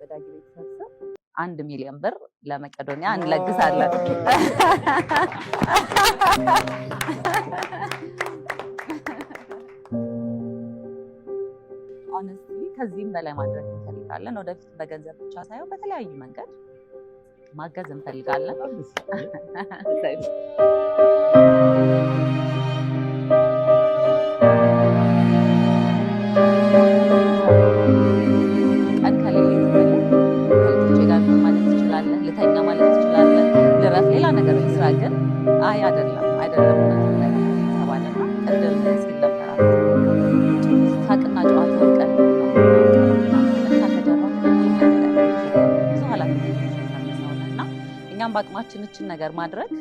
በዳጊ ቤተሰብ አንድ ሚሊዮን ብር ለመቄዶንያ እንለግሳለን። ኦነስትሊ ከዚህም በላይ ማድረግ እንፈልጋለን። ወደፊት በገንዘብ ብቻ ሳይሆን በተለያዩ መንገድ ማገዝ እንፈልጋለን። ነው ማለት ትችላለን። ልረፍ፣ ሌላ ነገር ስራ ግን አይ አይደለም አይደለም ሳቅና ጨዋታ ቀን እና እኛም በአቅማችን እችን ነገር ማድረግ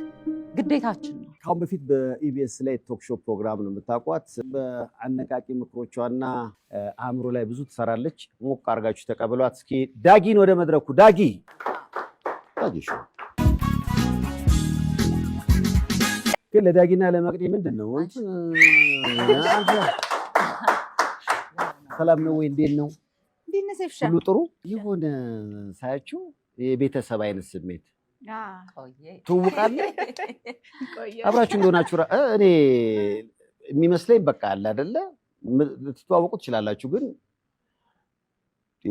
ግዴታችን ነው። ከአሁን በፊት በኢቢኤስ ላይ ቶክሾ ፕሮግራም ነው የምታውቋት። በአነቃቂ ምክሮቿና አእምሮ ላይ ብዙ ትሰራለች። ሞቅ አድርጋችሁ ተቀብሏት እስኪ ዳጊን ወደ መድረኩ ዳጊ አየሽው። ግን ለዳጊና ለመቅዲ ምንድን ነው? ሰላም ነው ወይ? እንዴት ነው? ሁሉ ጥሩ የሆነ ሳያችሁ የቤተሰብ አይነት ስሜት ትውቃለህ። አብራችሁ እንደሆናችሁ እኔ የሚመስለኝ በቃ አለ አደለ፣ ልትተዋወቁ ትችላላችሁ፣ ግን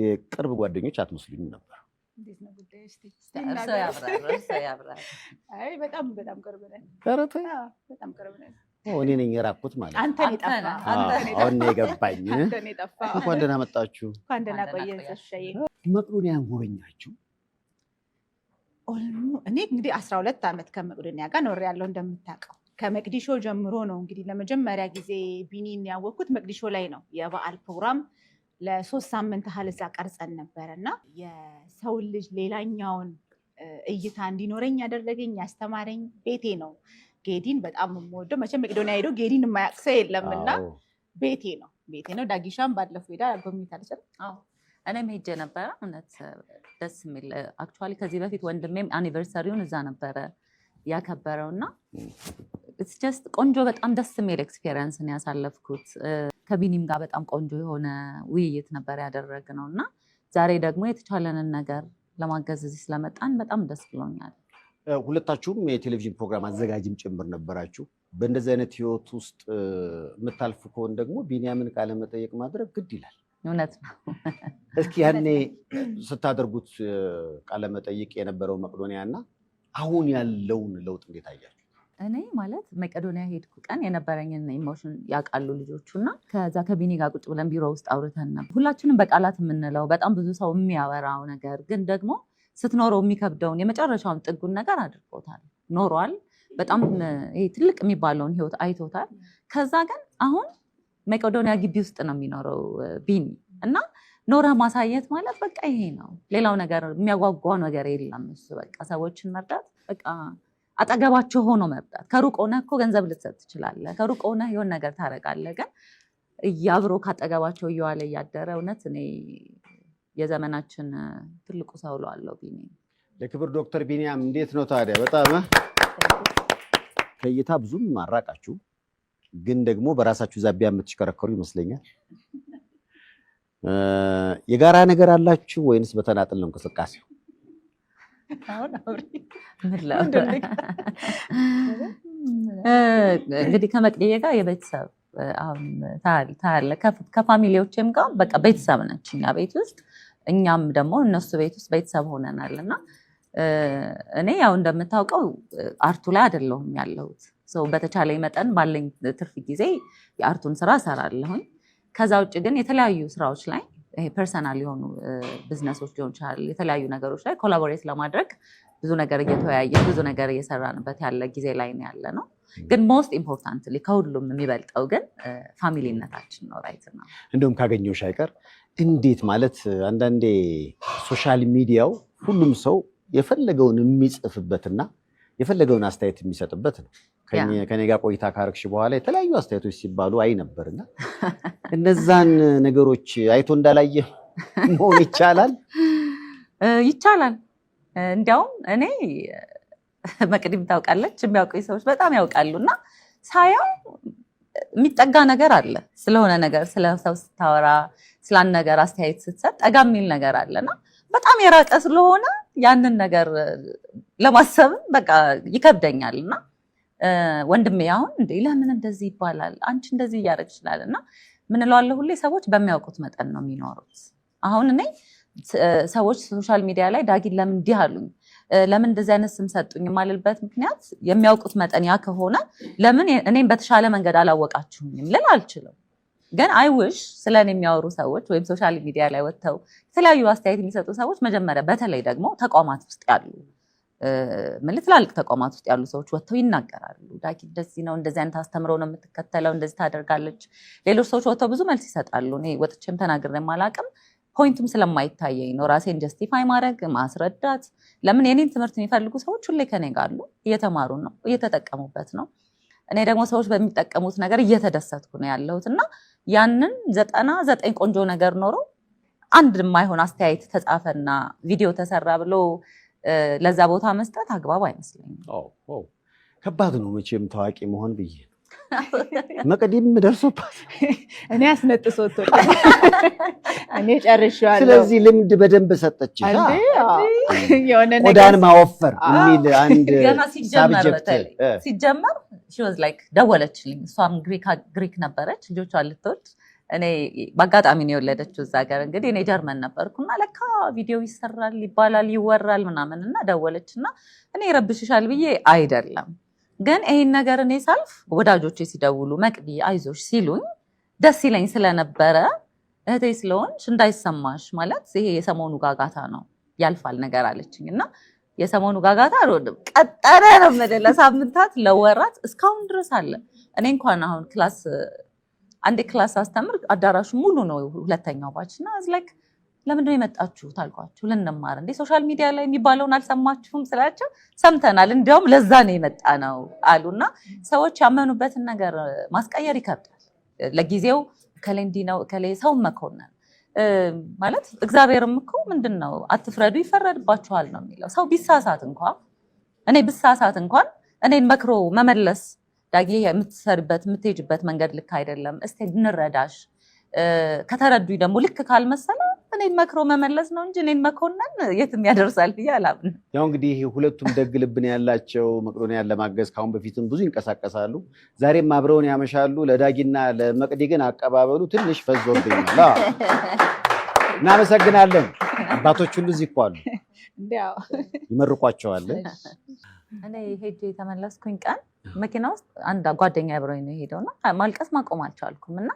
የቅርብ ጓደኞች አትመስሉኝም ነበር። እንዴት ነው ጉዳይ? እስኪ አይ በጣም በጣም ቅርብ ነን። በጣም ቅርብ ነን። እኔ ነኝ የራኩት ማለት ነው። አሁን ነው የገባኝ። እንኳን ደህና መጣችሁ፣ እንኳን ደህና ቆየን። ጎበኛችሁ? እኔ እንግዲህ አስራ ሁለት ዓመት ከመቅዶኒያ ጋር ያለው እንደምታውቀው ከመቅዲሾ ጀምሮ ነው እንግዲህ ለመጀመሪያ ጊዜ ቢኒን ያወቅኩት መቅዲሾ ላይ ነው የበዓል ፕሮግራም ለሶስት ሳምንት ያህል እዛ ቀርጸን ነበር እና የሰው ልጅ ሌላኛውን እይታ እንዲኖረኝ ያደረገኝ ያስተማረኝ ቤቴ ነው። ጌዲን በጣም የምወደው መቼም መቄዶኒያ ሄዶ ጌዲን የማያውቅ ሰው የለም እና ቤቴ ነው ቤቴ ነው። ዳጊሻን ባለፈው ሄዳ ጎብኝታለች። እኔም ሄጄ ነበረ። እውነት ደስ የሚል አክቹዋሊ፣ ከዚህ በፊት ወንድሜም አኒቨርሰሪውን እዛ ነበረ ያከበረው እና ስ ቆንጆ በጣም ደስ የሚል ኤክስፔሪንስን ያሳለፍኩት። ከቢኒም ጋር በጣም ቆንጆ የሆነ ውይይት ነበር ነው እና ዛሬ ደግሞ የተቻለንን ነገር ለማገዝ እዚህ ስለመጣን በጣም ደስ ብሎኛል። ሁለታችሁም የቴሌቪዥን ፕሮግራም አዘጋጅም ጭምር ነበራችሁ። በእንደዚህ አይነት ህይወት ውስጥ የምታልፉ ከሆን ደግሞ ቢኒያምን ቃለ መጠየቅ ማድረግ ግድ ይላል። እውነት ነው። እስኪ ያኔ ስታደርጉት ቃለ መጠይቅ የነበረው መቅዶኒያ እና አሁን ያለውን ለውጥ እንዴት አያል እኔ ማለት መቄዶኒያ ሄድኩ ቀን የነበረኝን ኢሞሽን ያውቃሉ ልጆቹ እና ከዛ ከቢኒ ጋር ቁጭ ብለን ቢሮ ውስጥ አውርተን ነበር። ሁላችንም በቃላት የምንለው በጣም ብዙ ሰው የሚያወራው ነገር ግን ደግሞ ስትኖረው የሚከብደውን የመጨረሻውን ጥጉን ነገር አድርጎታል፣ ኖሯል። በጣም ይሄ ትልቅ የሚባለውን ህይወት አይቶታል። ከዛ ግን አሁን መቄዶኒያ ግቢ ውስጥ ነው የሚኖረው ቢኒ እና ኖረ ማሳየት ማለት በቃ ይሄ ነው። ሌላው ነገር የሚያጓጓ ነገር የለም። እሱ በቃ ሰዎችን መርዳት በቃ አጠገባቸው ሆኖ መርዳት። ከሩቅ ሆነ እኮ ገንዘብ ልትሰጥ ትችላለህ። ከሩቅ ሆነ የሆነ ነገር ታደርጋለህ። ግን እያብሮ ካጠገባቸው እየዋለ እያደረ እውነት እኔ የዘመናችን ትልቁ ሰው እለዋለሁ። ቢኒያም ለክብር ዶክተር ቢኒያም እንዴት ነው ታዲያ? በጣም ከእይታ ብዙም አራቃችሁ፣ ግን ደግሞ በራሳችሁ ዛቢያ የምትሽከረከሩ ይመስለኛል። የጋራ ነገር አላችሁ ወይንስ በተናጥል ነው እንቅስቃሴው? አሁን አውሪ እንግዲህ ከመቅደዬ ጋር የቤተሰብ ታለ ከፋሚሊዎችም ጋር በቃ ቤተሰብ ነች እኛ ቤት ውስጥ እኛም ደግሞ እነሱ ቤት ውስጥ ቤተሰብ ሆነናል። እና እኔ ያው እንደምታውቀው አርቱ ላይ አይደለሁም ያለሁት ሰው በተቻለ መጠን ባለኝ ትርፍ ጊዜ የአርቱን ስራ እሰራለሁኝ። ከዛ ውጭ ግን የተለያዩ ስራዎች ላይ ፐርሰናል የሆኑ ቢዝነሶች ሊሆን ይችላል። የተለያዩ ነገሮች ላይ ኮላቦሬት ለማድረግ ብዙ ነገር እየተወያየ ብዙ ነገር እየሰራንበት ያለ ጊዜ ላይ ነው ያለ ነው። ግን ሞስት ኢምፖርታንት ከሁሉም የሚበልጠው ግን ፋሚሊነታችን ነው። ራይት ነው። እንደውም ካገኘሁሽ አይቀር እንዴት ማለት አንዳንዴ ሶሻል ሚዲያው ሁሉም ሰው የፈለገውን የሚጽፍበትና የፈለገውን አስተያየት የሚሰጥበት ነው። ከኔ ጋር ቆይታ ካረግሽ በኋላ የተለያዩ አስተያየቶች ሲባሉ አይ ነበርና እነዛን ነገሮች አይቶ እንዳላየ መሆን ይቻላል ይቻላል። እንዲያውም እኔ መቅድም ታውቃለች፣ የሚያውቁኝ ሰዎች በጣም ያውቃሉ። እና ሳያው የሚጠጋ ነገር አለ ስለሆነ ነገር ስለ ሰው ስታወራ ስላን ነገር አስተያየት ስትሰጥ ጠጋ የሚል ነገር አለና በጣም የራቀ ስለሆነ ያንን ነገር ለማሰብም በቃ ይከብደኛል እና ወንድሜ አሁን እንዴ ለምን እንደዚህ ይባላል? አንቺ እንደዚህ እያደረግ ይችላል እና ምን እለዋለሁ ሁሌ ሰዎች በሚያውቁት መጠን ነው የሚኖሩት። አሁን እኔ ሰዎች ሶሻል ሚዲያ ላይ ዳጊን ለምን እንዲህ አሉኝ፣ ለምን እንደዚህ አይነት ስም ሰጡኝ የማልልበት ምክንያት የሚያውቁት መጠን ያ ከሆነ ለምን እኔም በተሻለ መንገድ አላወቃችሁኝም ልል አልችልም። ግን አይ ውሽ ስለ እኔ የሚያወሩ ሰዎች ወይም ሶሻል ሚዲያ ላይ ወጥተው የተለያዩ አስተያየት የሚሰጡ ሰዎች መጀመሪያ በተለይ ደግሞ ተቋማት ውስጥ ያሉ ምን ትላልቅ ተቋማት ውስጥ ያሉ ሰዎች ወጥተው ይናገራሉ። ዳኪ እንደዚህ ነው፣ እንደዚህ አይነት አስተምሮ ነው የምትከተለው፣ እንደዚህ ታደርጋለች። ሌሎች ሰዎች ወጥተው ብዙ መልስ ይሰጣሉ። እኔ ወጥቼም ተናግሬም አላውቅም። ፖይንቱም ስለማይታየኝ ነው ራሴን ጀስቲፋይ ማድረግ ማስረዳት። ለምን የኔን ትምህርት የሚፈልጉ ሰዎች ሁሌ ከኔ ጋር አሉ፣ እየተማሩ ነው፣ እየተጠቀሙበት ነው። እኔ ደግሞ ሰዎች በሚጠቀሙት ነገር እየተደሰትኩ ነው ያለሁት እና ያንን ዘጠና ዘጠኝ ቆንጆ ነገር ኖሮ አንድ የማይሆን አስተያየት ተጻፈና ቪዲዮ ተሰራ ብሎ ለዛ ቦታ መስጠት አግባብ አይመስለኝም። ከባድ ነው መቼም ታዋቂ መሆን ብዬ መቀዲም ደርሶባት እኔ አስነጥሶት እኔ ጨርሼዋለሁ። ስለዚህ ልምድ በደንብ ሰጠች። ቆዳን ማወፈር የሚል አንድ ሲጀመር ደወለችልኝ። እሷም ግሪክ ነበረች ልጆቿን ልትወልድ እኔ በአጋጣሚ ነው የወለደችው እዛ ሀገር። እንግዲህ እኔ ጀርመን ነበርኩ እና ለካ ቪዲዮ ይሰራል ይባላል ይወራል ምናምን እና ደወለች እና እኔ ይረብሽሻል ብዬ አይደለም ግን ይህን ነገር እኔ ሳልፍ ወዳጆቼ ሲደውሉ መቅዲ አይዞሽ ሲሉኝ ደስ ይለኝ ስለነበረ እህቴ ስለሆንሽ እንዳይሰማሽ ማለት ይሄ የሰሞኑ ጋጋታ ነው ያልፋል ነገር አለችኝ እና የሰሞኑ ጋጋታ ቀጠረ ነው የምልህ ለሳምንታት ለወራት እስካሁን ድረስ አለ። እኔ እንኳን አሁን ክላስ አንድ ክላስ አስተምር አዳራሹ ሙሉ ነው። ሁለተኛው ባች እና ላይክ ለምንድነው የመጣችሁት አልኳቸው። ልንማር እንዴ ሶሻል ሚዲያ ላይ የሚባለውን አልሰማችሁም ስላቸው ሰምተናል፣ እንዲያውም ለዛ ነው የመጣ ነው አሉ እና ሰዎች ያመኑበትን ነገር ማስቀየር ይከብዳል። ለጊዜው ከላይ እንዲህ ነው ከላይ ሰው መኮንን ማለት እግዚአብሔርም እኮ ምንድን ነው አትፍረዱ ይፈረድባችኋል ነው የሚለው። ሰው ቢሳሳት እንኳ እኔ ብሳሳት እንኳን እኔን መክሮ መመለስ ዳጊ የምትሰርበት የምትሄጅበት መንገድ ልክ አይደለም፣ እስቲ እንረዳሽ። ከተረዱኝ ደግሞ ልክ ካልመሰለ እኔን መክሮ መመለስ ነው እንጂ እኔን መኮንን የትም ያደርሳል ብዬ አላምን። ያው እንግዲህ ሁለቱም ደግ ልብን ያላቸው መቅዶኒያን ለማገዝ ከአሁን በፊትም ብዙ ይንቀሳቀሳሉ፣ ዛሬም አብረውን ያመሻሉ። ለዳጊና ለመቅዲ ግን አቀባበሉ ትንሽ ፈዞብኛል። እናመሰግናለን። አባቶች ሁሉ እዚህ እኮ አሉ፣ ይመርቋቸዋል። እኔ ሄጄ የተመለስኩኝ ቀን መኪና ውስጥ አንድ ጓደኛ አብሮኝ ነው የሄደው እና ማልቀስ ማቆም አልቻልኩም እና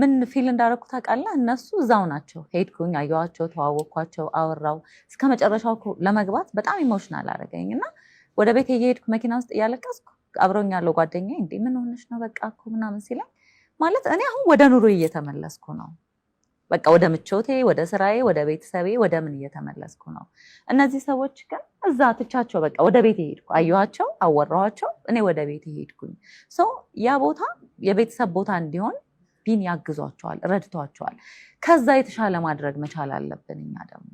ምን ፊል እንዳደረኩ ታውቃለህ? እነሱ እዛው ናቸው። ሄድኩኝ፣ አየኋቸው፣ ተዋወቅኳቸው፣ አወራው እስከ መጨረሻው ለመግባት በጣም ኢሞሽናል አደረገኝ እና ወደ ቤት እየሄድኩ መኪና ውስጥ እያለቀስኩ አብሮኝ ያለው ጓደኛ እንዴ ምን ሆነሽ ነው በቃ እኮ ምናምን ሲለኝ ማለት እኔ አሁን ወደ ኑሮ እየተመለስኩ ነው በቃ ወደ ምቾቴ፣ ወደ ስራዬ፣ ወደ ቤተሰቤ፣ ወደ ምን እየተመለስኩ ነው። እነዚህ ሰዎች ግን እዛ ትቻቸው በቃ ወደ ቤት ሄድኩ። አየኋቸው፣ አወራኋቸው፣ እኔ ወደ ቤት ሄድኩኝ። ሰው ያ ቦታ የቤተሰብ ቦታ እንዲሆን ቢን ያግዟቸዋል፣ ረድቷቸዋል። ከዛ የተሻለ ማድረግ መቻል አለብን እኛ ደግሞ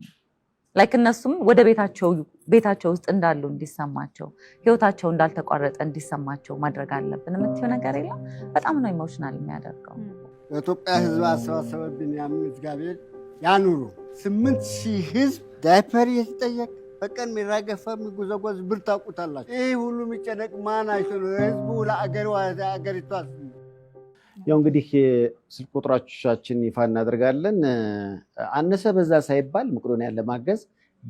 ላይክ እነሱም ወደ ቤታቸው ቤታቸው ውስጥ እንዳሉ እንዲሰማቸው ህይወታቸው እንዳልተቋረጠ እንዲሰማቸው ማድረግ አለብን። የምትይው ነገር የለም። በጣም ነው ኢሞሽናል የሚያደርገው። በኢትዮጵያ ህዝብ አሰባሰበብን ያምን እግዚአብሔር ያኑሩ። ስምንት ሺህ ሕዝብ ዳይፐር እየተጠየቀ በቀን የሚራገፈ የሚጎዘጎዝ ብር ታውቁታላችሁ። ይህ ሁሉ የሚጨነቅ ማን አይቶ ነው? ህዝቡ ለአገር ያው እንግዲህ ስልክ ቁጥራችን ይፋ እናደርጋለን። አነሰ በዛ ሳይባል መቄዶንያን ለማገዝ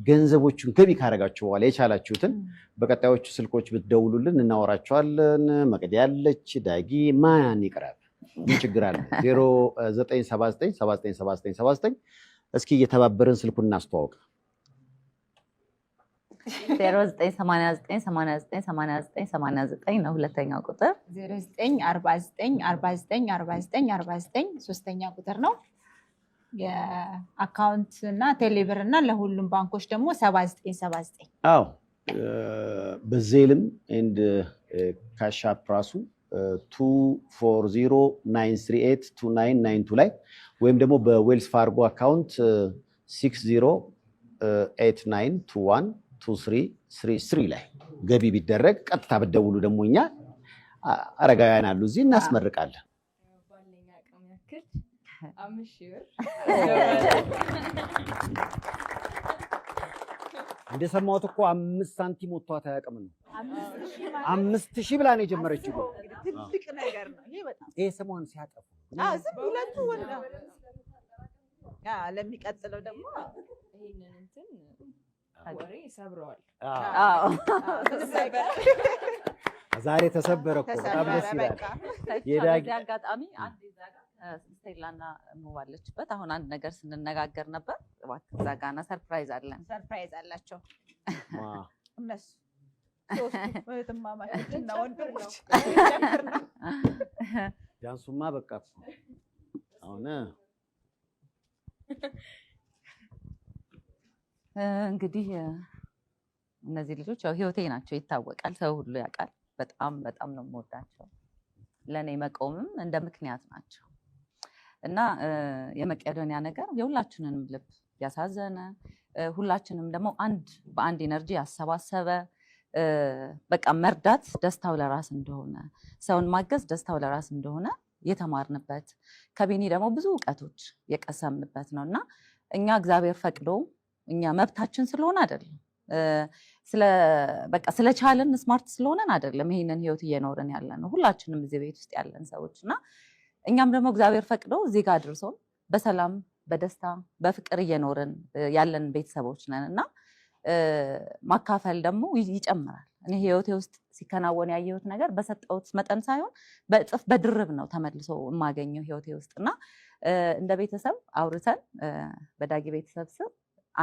ገንዘቦቹን ገቢ ካደረጋችሁ በኋላ የቻላችሁትን በቀጣዮቹ ስልኮች ብትደውሉልን እናወራቸዋለን። መቅድ ያለች ዳጊ ማን ይቅራል ምን ችግር አለ? 0979797979 እስኪ እየተባበርን ስልኩን እናስተዋውቅ። 0989898989 ነው ሁለተኛው ቁጥር። 0949494949 ሶስተኛ ቁጥር ነው። የአካውንት እና ቴሌብር እና ለሁሉም ባንኮች ደግሞ 7979 አዎ በዜልም ኤንድ ካሻፕ ራሱ 240938299 ላይ ወይም ደግሞ በዌልስ ፋርጎ አካውንት 6089212333 ላይ ገቢ ቢደረግ ቀጥታ ብደውሉ ደግሞ እኛ አረጋውያን አሉ እዚህ እናስመርቃለን። እንደሰማሁት እኮ አምስት ሳንቲም ወጥቷት አያውቅም ነው። አምስት ሺህ ብላ ነው የጀመረችው። ትልቅ ነገር ነው ይሄ በጣም ይሄ ስሟን ሲያጠፉ ዝም ሁለቱ ለሚቀጥለው ደግሞ ይሄንን እንትን ወሬ ሰብረዋል። ዛሬ ተሰበረ እኮ በጣም ደስ ይላል። አጋጣሚ ስቴላና አሁን አንድ ነገር ስንነጋገር ነበር። እባክህ እዛ ጋና ሰርፕራይዝ አለን። ሰርፕራይዝ አላቸው እነሱ እህትማማቾችና ወንድሞች ዳንሱማ በቃ አሁን እንግዲህ እነዚህ ልጆች ያው ህይወቴ ናቸው፣ ይታወቃል። ሰው ሁሉ ያውቃል። በጣም በጣም ነው የምወዳቸው። ለእኔ መቆምም እንደ ምክንያት ናቸው እና የመቄዶንያ ነገር የሁላችንንም ልብ ያሳዘነ ሁላችንም ደግሞ አንድ በአንድ ኢነርጂ ያሰባሰበ በቃ መርዳት ደስታው ለራስ እንደሆነ፣ ሰውን ማገዝ ደስታው ለራስ እንደሆነ የተማርንበት ከቢኒ ደግሞ ብዙ እውቀቶች የቀሰምንበት ነው እና እኛ እግዚአብሔር ፈቅዶ እኛ መብታችን ስለሆነ አይደለም በቃ ስለቻለን ስማርት ስለሆነን አይደለም ይሄንን ህይወት እየኖርን ያለ ነው ሁላችንም እዚህ ቤት ውስጥ ያለን ሰዎች እና እኛም ደግሞ እግዚአብሔር ፈቅዶ እዚህ ጋር አድርሶን በሰላም በደስታ በፍቅር እየኖርን ያለን ቤተሰቦች ነን እና ማካፈል ደግሞ ይጨምራል። እኔ ህይወቴ ውስጥ ሲከናወን ያየሁት ነገር በሰጠሁት መጠን ሳይሆን በእጥፍ በድርብ ነው ተመልሶ የማገኘው ህይወቴ ውስጥ እና እንደ ቤተሰብ አውርተን በዳጊ ቤተሰብ ስም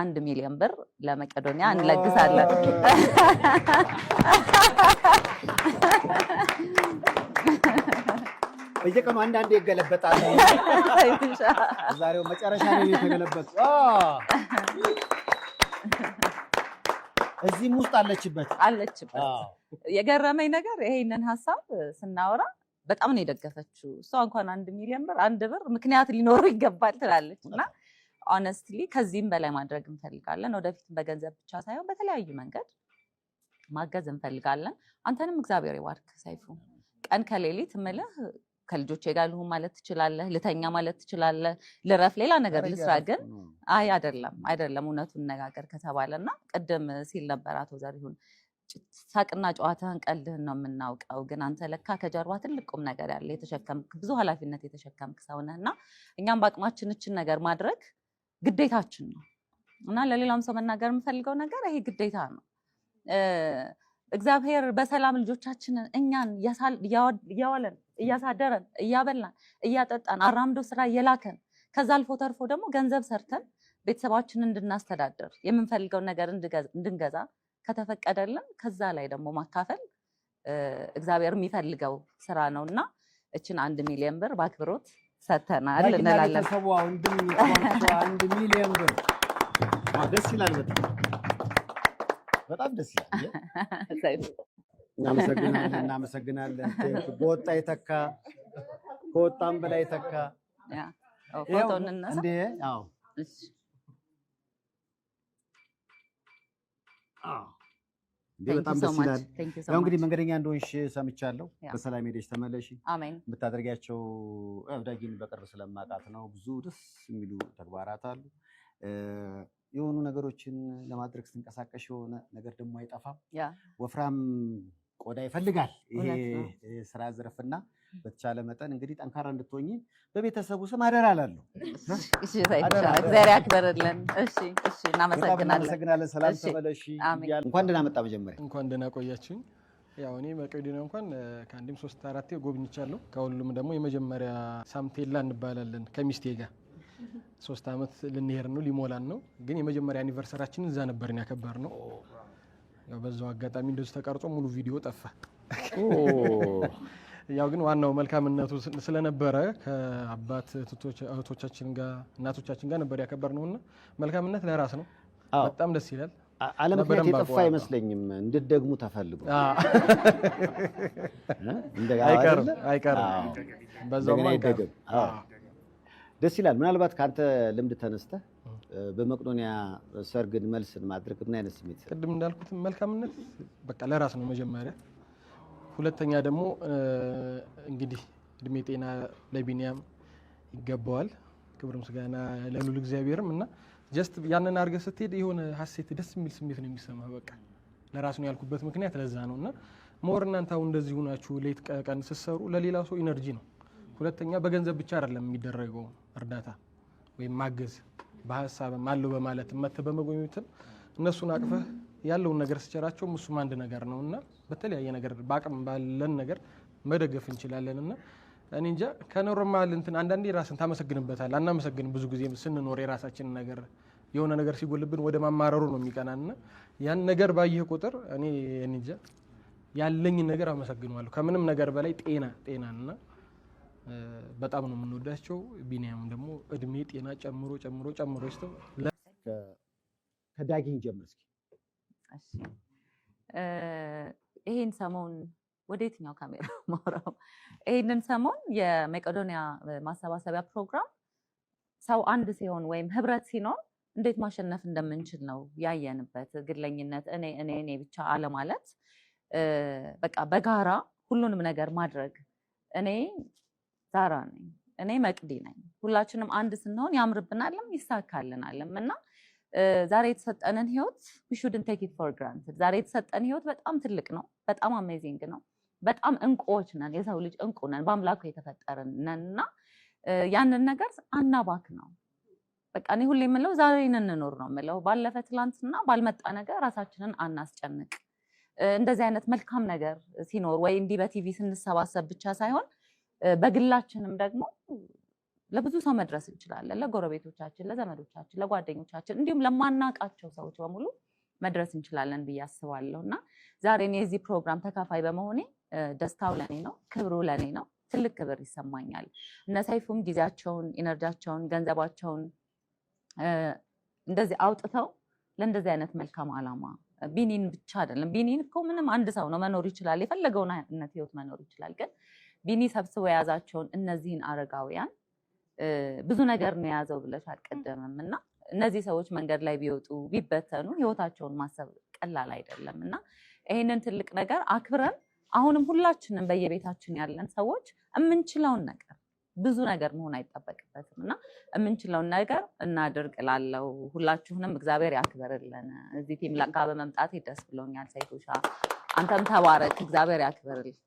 አንድ ሚሊዮን ብር ለመቄዶንያ እንለግሳለን። በየቀኑ አንዳንዴ ይገለበጣል። ዛሬው መጨረሻ ነው የተገለበጡ እዚህም ውስጥ አለችበት አለችበት። የገረመኝ ነገር ይሄንን ሀሳብ ስናወራ በጣም ነው የደገፈችው። እሷ እንኳን አንድ ሚሊዮን ብር አንድ ብር ምክንያት ሊኖረው ይገባል ትላለች እና ኦነስትሊ ከዚህም በላይ ማድረግ እንፈልጋለን። ወደፊትም በገንዘብ ብቻ ሳይሆን በተለያዩ መንገድ ማገዝ እንፈልጋለን። አንተንም እግዚአብሔር ይባርክ ሰይፉ፣ ቀን ከሌሊት ምልህ ከልጆቼ ጋር ልሁን ማለት ትችላለህ፣ ልተኛ ማለት ትችላለህ፣ ልረፍ፣ ሌላ ነገር ልስራ። ግን አይ አይደለም አይደለም እውነቱን እነጋገር ከተባለ እና ቅድም ሲል ነበር አቶ ዘሪሁን ሳቅና ጨዋታህን ቀልድህን ነው የምናውቀው፣ ግን አንተ ለካ ከጀርባ ትልቅ ቁም ነገር ያለ የተሸከምክ ብዙ ኃላፊነት የተሸከምክ ሰው ነህ እና እኛም በአቅማችን እችን ነገር ማድረግ ግዴታችን ነው እና ለሌላም ሰው መናገር የምፈልገው ነገር ይሄ ግዴታ ነው። እግዚአብሔር በሰላም ልጆቻችንን እኛን እያዋለን እያሳደረን እያበላን እያጠጣን አራምዶ ስራ እየላከን ከዛ አልፎ ተርፎ ደግሞ ገንዘብ ሰርተን ቤተሰባችንን እንድናስተዳደር የምንፈልገውን ነገር እንድንገዛ ከተፈቀደልን ከዛ ላይ ደግሞ ማካፈል እግዚአብሔር የሚፈልገው ስራ ነው እና እችን አንድ ሚሊዮን ብር በአክብሮት ሰጥተናል እንላለን። አንድ ሚሊዮን ብር ደስ ይላል በጣም በጣም ደስ ይላል። እናመሰግናለን፣ እናመሰግናለን። በወጣ የተካ ከወጣም በላይ የተካ በጣም ደስ ይላል። ያው እንግዲህ መንገደኛ እንደሆንሽ ሰምቻለሁ። በሰላም ሄደሽ ተመለሽ። የምታደርጊያቸው ዳጊን በቅርብ ስለማውቃት ነው። ብዙ ደስ የሚሉ ተግባራት አሉ። የሆኑ ነገሮችን ለማድረግ ስትንቀሳቀሽ የሆነ ነገር ደግሞ አይጠፋም። ወፍራም ቆዳ ይፈልጋል ይሄ ስራ ዘርፍና በተቻለ መጠን እንግዲህ ጠንካራ እንድትሆኝ በቤተሰቡ ስም አደራ እላለሁ። እግዚአብሔር ያክብርልን። እናመሰግናለን። ሰላም ተመለሽ። እንኳን ደህና መጣ። መጀመሪያ እንኳን ደህና ቆያችሁኝ። ያው እኔ መቄዶንያ እንኳን ከአንድም ሶስት አራቴ ጎብኝቻለሁ። ከሁሉም ደግሞ የመጀመሪያ ሳምቴላ እንባላለን ከሚስቴ ጋር ሶስት አመት ልንሄድ ነው ሊሞላን ነው። ግን የመጀመሪያ አኒቨርሰራችንን እዛ ነበርን ያከበር ነው። በዛው አጋጣሚ እንደዚህ ተቀርጾ ሙሉ ቪዲዮ ጠፋ። ያው ግን ዋናው መልካምነቱ ስለነበረ ከአባት እህቶቻችን ጋር እናቶቻችን ጋር ነበር ያከበር ነው እና መልካምነት ለራስ ነው። በጣም ደስ ይላል። ምክንያት የጠፋ አይመስለኝም። እንድትደግሙ ተፈልጎ አይቀርም አይቀርም በዛው አዎ ደስ ይላል። ምናልባት ከአንተ ልምድ ተነስተ በመቅዶኒያ ሰርግን መልስን ማድረግ ምን አይነት ስሜት? ቅድም እንዳልኩት መልካምነት በቃ ለራስ ነው መጀመሪያ። ሁለተኛ ደግሞ እንግዲህ እድሜ ጤና ለቢኒያም ይገባዋል፣ ክብር ምስጋና ለሉል እግዚአብሔርም እና ጀስት ያንን አድርገ ስትሄድ የሆነ ሀሴት ደስ የሚል ስሜት ነው የሚሰማ በቃ ለራስ ነው ያልኩበት ምክንያት ለዛ ነው እና ሞር እናንተ አሁን እንደዚህ ሁናችሁ ሌት ቀን ስትሰሩ ለሌላ ሰው ኢነርጂ ነው። ሁለተኛ በገንዘብ ብቻ አይደለም የሚደረገው እርዳታ ወይም ማገዝ በሀሳብም አለው በማለት መተ በመጎብኘትም እነሱን አቅፈህ ያለውን ነገር ስቸራቸው እሱም አንድ ነገር ነው እና በተለያየ ነገር በአቅም ባለን ነገር መደገፍ እንችላለን እና እኔ እንጃ ከኖርማል እንትን አንዳንዴ ራስን ታመሰግንበታል። አናመሰግን ብዙ ጊዜ ስንኖር የራሳችን ነገር የሆነ ነገር ሲጎልብን ወደ ማማረሩ ነው የሚቀናና እና ያን ነገር ባየህ ቁጥር እኔ እንጃ ያለኝን ነገር አመሰግነዋለሁ ከምንም ነገር በላይ ጤና ጤና እና በጣም ነው የምንወዳቸው። ቢኒያም ደግሞ እድሜ ጤና ጨምሮ ጨምሮ ጨምሮ ስተው ከዳጊን ጀምር እስኪ። ይሄን ሰሞን ወደ የትኛው ካሜራ ማውራው? ይሄንን ሰሞን የመቄዶንያ ማሰባሰቢያ ፕሮግራም ሰው አንድ ሲሆን ወይም ህብረት ሲኖር እንዴት ማሸነፍ እንደምንችል ነው ያየንበት። ግለኝነት፣ እኔ እኔ እኔ ብቻ አለማለት በቃ በጋራ ሁሉንም ነገር ማድረግ እኔ ዛራ ነኝ፣ እኔ መቅዲ ነኝ። ሁላችንም አንድ ስንሆን ያምርብናልም ይሳካልናልም እና ዛሬ የተሰጠንን ህይወት ሹድን ቴክ ኢት ፎር ግራንትድ። ዛሬ የተሰጠን ህይወት በጣም ትልቅ ነው፣ በጣም አሜዚንግ ነው። በጣም እንቁዎች ነን። የሰው ልጅ እንቁ ነን፣ በአምላኩ የተፈጠርን ነን እና ያንን ነገር አናባክ ነው በቃ እኔ ሁሌ የምለው ዛሬን እንኖር ነው የምለው። ባለፈ ትላንትና ባልመጣ ነገር ራሳችንን አናስጨንቅ። እንደዚህ አይነት መልካም ነገር ሲኖር ወይ እንዲህ በቲቪ ስንሰባሰብ ብቻ ሳይሆን በግላችንም ደግሞ ለብዙ ሰው መድረስ እንችላለን። ለጎረቤቶቻችን፣ ለዘመዶቻችን፣ ለጓደኞቻችን እንዲሁም ለማናውቃቸው ሰዎች በሙሉ መድረስ እንችላለን ብዬ አስባለሁ እና ዛሬ እኔ የዚህ ፕሮግራም ተካፋይ በመሆኔ ደስታው ለእኔ ነው፣ ክብሩ ለእኔ ነው። ትልቅ ክብር ይሰማኛል። እነ ሰይፉም ጊዜያቸውን፣ ኢነርጂያቸውን፣ ገንዘባቸውን እንደዚህ አውጥተው ለእንደዚህ አይነት መልካም ዓላማ ቢኒን ብቻ አይደለም። ቢኒን እኮ ምንም አንድ ሰው ነው መኖር ይችላል፣ የፈለገውን አይነት ህይወት መኖር ይችላል ግን ቢኒ ሰብስቦ የያዛቸውን እነዚህን አረጋውያን ብዙ ነገር ነው የያዘው ብለሽ አልቀደምም እና እነዚህ ሰዎች መንገድ ላይ ቢወጡ ቢበተኑ ህይወታቸውን ማሰብ ቀላል አይደለም እና ይህንን ትልቅ ነገር አክብረን አሁንም ሁላችንም በየቤታችን ያለን ሰዎች የምንችለውን ነገር ብዙ ነገር መሆን አይጠበቅበትም እና የምንችለውን ነገር እናድርግ እላለሁ። ሁላችሁንም እግዚአብሔር ያክብርልን። እዚህ ቲም ጋ በመምጣት ደስ ብሎኛል። አንተም ተባረክ፣ እግዚአብሔር ያክብርልን።